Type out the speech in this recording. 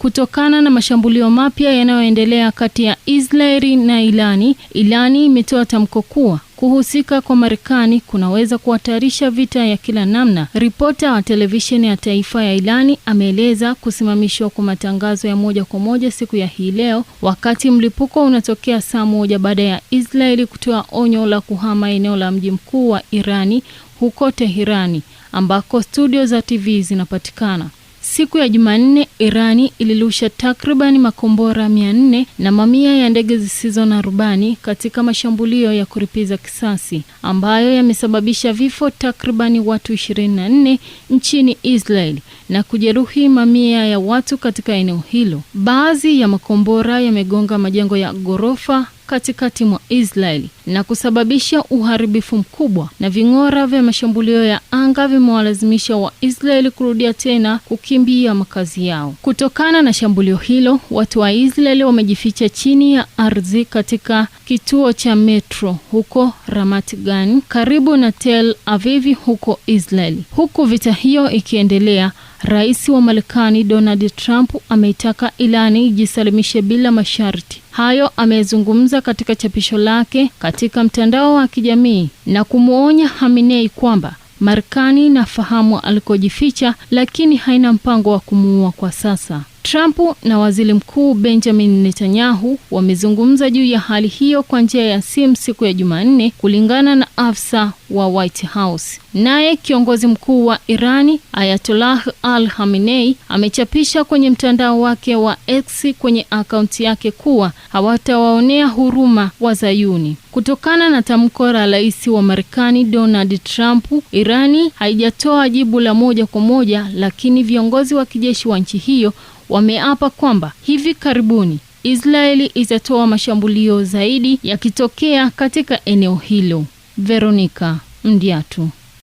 kutokana na mashambulio mapya yanayoendelea kati ya Israeli na Irani. Irani imetoa tamko kuwa kuhusika kwa Marekani kunaweza kuhatarisha vita ya kila namna. Ripota wa televisheni ya taifa ya Irani ameeleza kusimamishwa kwa matangazo ya moja kwa moja siku ya hii leo, wakati mlipuko unatokea saa moja baada ya Israeli kutoa onyo la kuhama eneo la mji mkuu wa Irani huko Teherani, ambako studio za TV zinapatikana. Siku ya Jumanne, Irani ilirusha takriban makombora mia nne na mamia ya ndege zisizo na rubani katika mashambulio ya kuripiza kisasi ambayo yamesababisha vifo takribani watu 24 nchini Israel na kujeruhi mamia ya watu katika eneo hilo. Baadhi ya makombora yamegonga majengo ya ghorofa katikati mwa Israeli na kusababisha uharibifu mkubwa, na ving'ora vya mashambulio ya anga vimewalazimisha Waisraeli kurudia tena kukimbia makazi yao. Kutokana na shambulio hilo, watu wa Israeli wamejificha chini ya ardhi katika kituo cha metro huko Ramat Gan karibu na Tel Aviv huko Israeli, huku vita hiyo ikiendelea. Rais wa Marekani Donald Trump ameitaka Irani ijisalimishe bila masharti. Hayo amezungumza katika chapisho lake katika mtandao wa kijamii na kumwonya haminei kwamba Marekani inafahamu alikojificha, lakini haina mpango wa kumuua kwa sasa. Trump na waziri mkuu Benjamin Netanyahu wamezungumza juu ya hali hiyo kwa njia ya simu siku ya Jumanne, kulingana na afisa wa White House. Naye kiongozi mkuu wa Irani Ayatollah Al hamenei amechapisha kwenye mtandao wake wa X kwenye akaunti yake kuwa hawatawaonea huruma wa zayuni Kutokana na tamko la rais wa Marekani Donald Trump, Irani haijatoa jibu la moja kwa moja, lakini viongozi wa kijeshi wa nchi hiyo wameapa kwamba hivi karibuni Israeli itatoa mashambulio zaidi yakitokea katika eneo hilo. Veronica Mdiatu